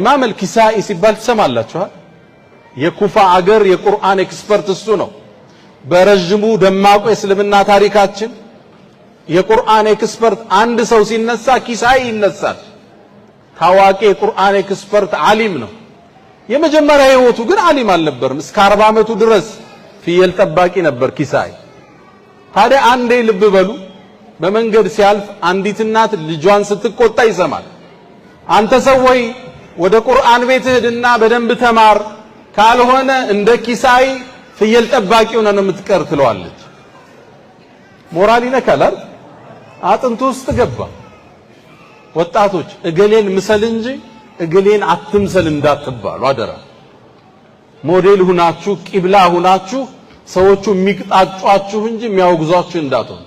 ኢማም አልኪሳኢ ሲባል ትሰማላችኋል። የኩፋ አገር የቁርአን ኤክስፐርት እሱ ነው። በረዥሙ ደማቁ የእስልምና ታሪካችን የቁርአን ኤክስፐርት አንድ ሰው ሲነሳ ኪሳኢ ይነሳል። ታዋቂ የቁርአን ኤክስፐርት ዓሊም ነው። የመጀመሪያ ህይወቱ ግን ዓሊም አልነበርም። እስከ አርባ ዓመቱ ድረስ ፍየል ጠባቂ ነበር ኪሳኢ። ታዲያ አንዴ ልብ በሉ፣ በመንገድ ሲያልፍ አንዲት እናት ልጇን ስትቆጣ ይሰማል። አንተ ሰው ወይ ወደ ቁርአን ቤት ሂድና በደንብ ተማር፣ ካልሆነ እንደ ኪሳይ ፍየል ጠባቂ ሆነ ነው የምትቀር ትለዋለች። ሞራል ይነካል አጥንቱ ውስጥ ገባ። ወጣቶች እገሌን ምሰል እንጂ እገሌን አትምሰል እንዳትባሉ አደራ። ሞዴል ሁናችሁ ቂብላ ሁናችሁ ሰዎቹ የሚቅጣጫችሁ እንጂ የሚያወግዟችሁ እንዳትሆኑ።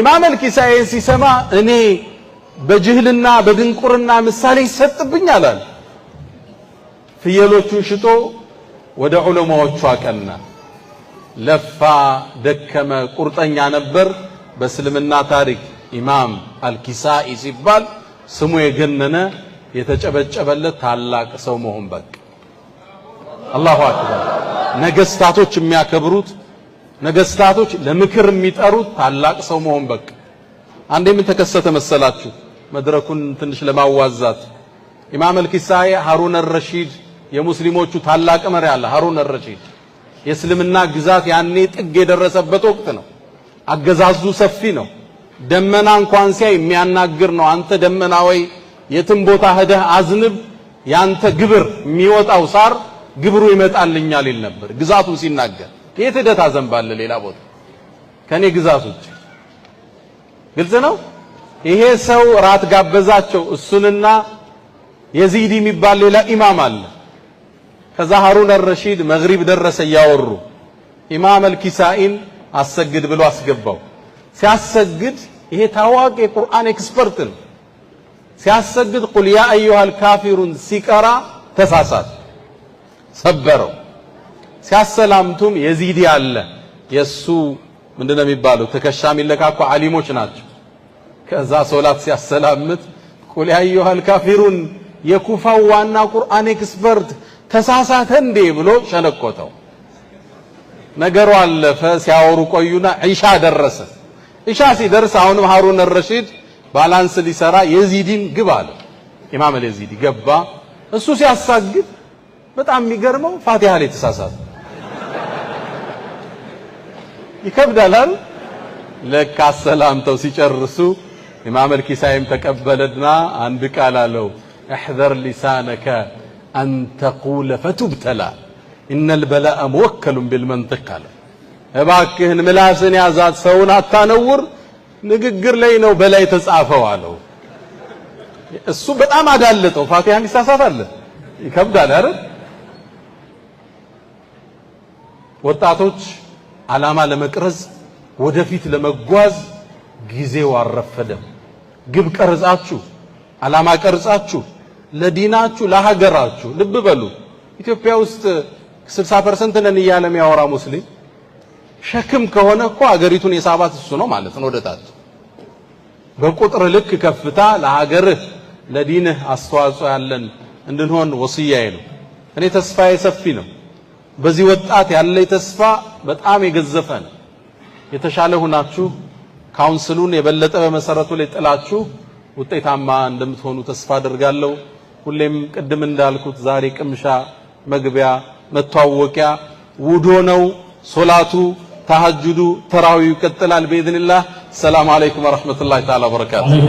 ኢማም አልኪሳይ ሲሰማ እኔ በጅህልና በድንቁርና ምሳሌ ይሰጥብኛል አላል። ፍየሎቹን ሽጦ ወደ ዑለማዎቹ አቀና። ለፋ፣ ደከመ፣ ቁርጠኛ ነበር። በእስልምና ታሪክ ኢማም አልኪሳኢ ሲባል ስሙ የገነነ የተጨበጨበለት ታላቅ ሰው መሆን በቅ። አላሁ አክበር። ነገስታቶች የሚያከብሩት ነገስታቶች ለምክር የሚጠሩት ታላቅ ሰው መሆን በቅ አንዴ ምን ተከሰተ መሰላችሁ? መድረኩን ትንሽ ለማዋዛት ኢማም አልኪሳይ ሀሩን አልረሺድ የሙስሊሞቹ ታላቅ መሪ አለ። ሀሩን አልረሺድ የእስልምና ግዛት ያኔ ጥግ የደረሰበት ወቅት ነው። አገዛዙ ሰፊ ነው። ደመና እንኳን ሲያይ የሚያናግር ነው። አንተ ደመና ወይ የትም ቦታ ሄደህ አዝንብ፣ ያንተ ግብር የሚወጣው ሳር ግብሩ ይመጣልኛል ይል ነበር። ግዛቱ ሲናገር የት ሄደህ ታዘንባለህ ሌላ ቦታ ከኔ ግዛት ውጭ? ግልጽ ነው። ይሄ ሰው ራት ጋበዛቸው። እሱንና የዚድ የሚባል ሌላ ኢማም አለ። ከዛ ሀሩን አልረሺድ መግሪብ ደረሰ እያወሩ ኢማም አልኪሳኢን አሰግድ ብሎ አስገባው። ሲያሰግድ ይሄ ታዋቂ የቁርአን ኤክስፐርት ነው። ሲያሰግድ ቁል ያ አዩሃል ካፊሩን ሲቀራ ተሳሳት ሰበረው። ሲያሰላምቱም የዚዲ አለ የእሱ ምንድነው የሚባለው ትከሻ የሚለካኩ ዓሊሞች ናቸው። ከዛ ሶላት ሲያሰላምት ቁል ያ አዩሃል ካፊሩን የኩፋው ዋና ቁርአን ኤክስፐርት ተሳሳተ እንዴ ብሎ ሸነቆተው። ነገሩ አለፈ። ሲያወሩ ቆዩና ዒሻ ደረሰ። ዒሻ ሲደርስ አሁንም ሃሩን ረሺድ ባላንስ ሊሰራ የዚዲን ግብ አለ። ኢማም የዚዲ ገባ። እሱ ሲያሳግድ በጣም የሚገርመው ፋቲሃ ላይ ተሳሳተ። ይከብዳል። ለካ አሰላምተው ሲጨርሱ ኢማም አልኪሳይም ተቀበለና አንድ ቃል አለው፣ እሕዘር ሊሳነከ አንተቁለ ፈቱብተላ ኢነል በላአ መወከሉን ቢልመንጥቅ አለ። እባክህን ምላስን ያዛት፣ ሰውን አታነውር፣ ንግግር ላይ ነው በላይ ተጻፈው አለው። እሱ በጣም አዳለጠው። ፋቲሃን ይሳሳት አለ ይከብዳል አይደል? ወጣቶች ዓላማ ለመቅረጽ ወደፊት ለመጓዝ ጊዜው አልረፈደም። ግብ ቀርጻችሁ አላማ ቀርጻችሁ ለዲናችሁ ለሀገራችሁ ልብ በሉ። ኢትዮጵያ ውስጥ 60% ነን እያለ የሚያወራ ሙስሊም ሸክም ከሆነ እኮ ሀገሪቱን የሳባት እሱ ነው ማለት ነው። ወደታች በቁጥር ልክ ከፍታ ለሀገርህ ለዲንህ አስተዋጽኦ ያለን እንድንሆን ወስያዬ ነው። እኔ ተስፋዬ ሰፊ ነው። በዚህ ወጣት ያለኝ ተስፋ በጣም የገዘፈ ነው። የተሻለ ሁናችሁ ካውንስሉን የበለጠ በመሰረቱ ላይ ጥላችሁ ውጤታማ እንደምትሆኑ ተስፋ አድርጋለሁ። ሁሌም ቅድም እንዳልኩት ዛሬ ቅምሻ መግቢያ መተዋወቂያ ውዶ ነው። ሶላቱ፣ ተሐጁዱ፣ ተራዊው ይቀጥላል። በኢዝኒላህ ሰላም አለይኩም ወራህመቱላሂ ተዓላ ወበረካቱ።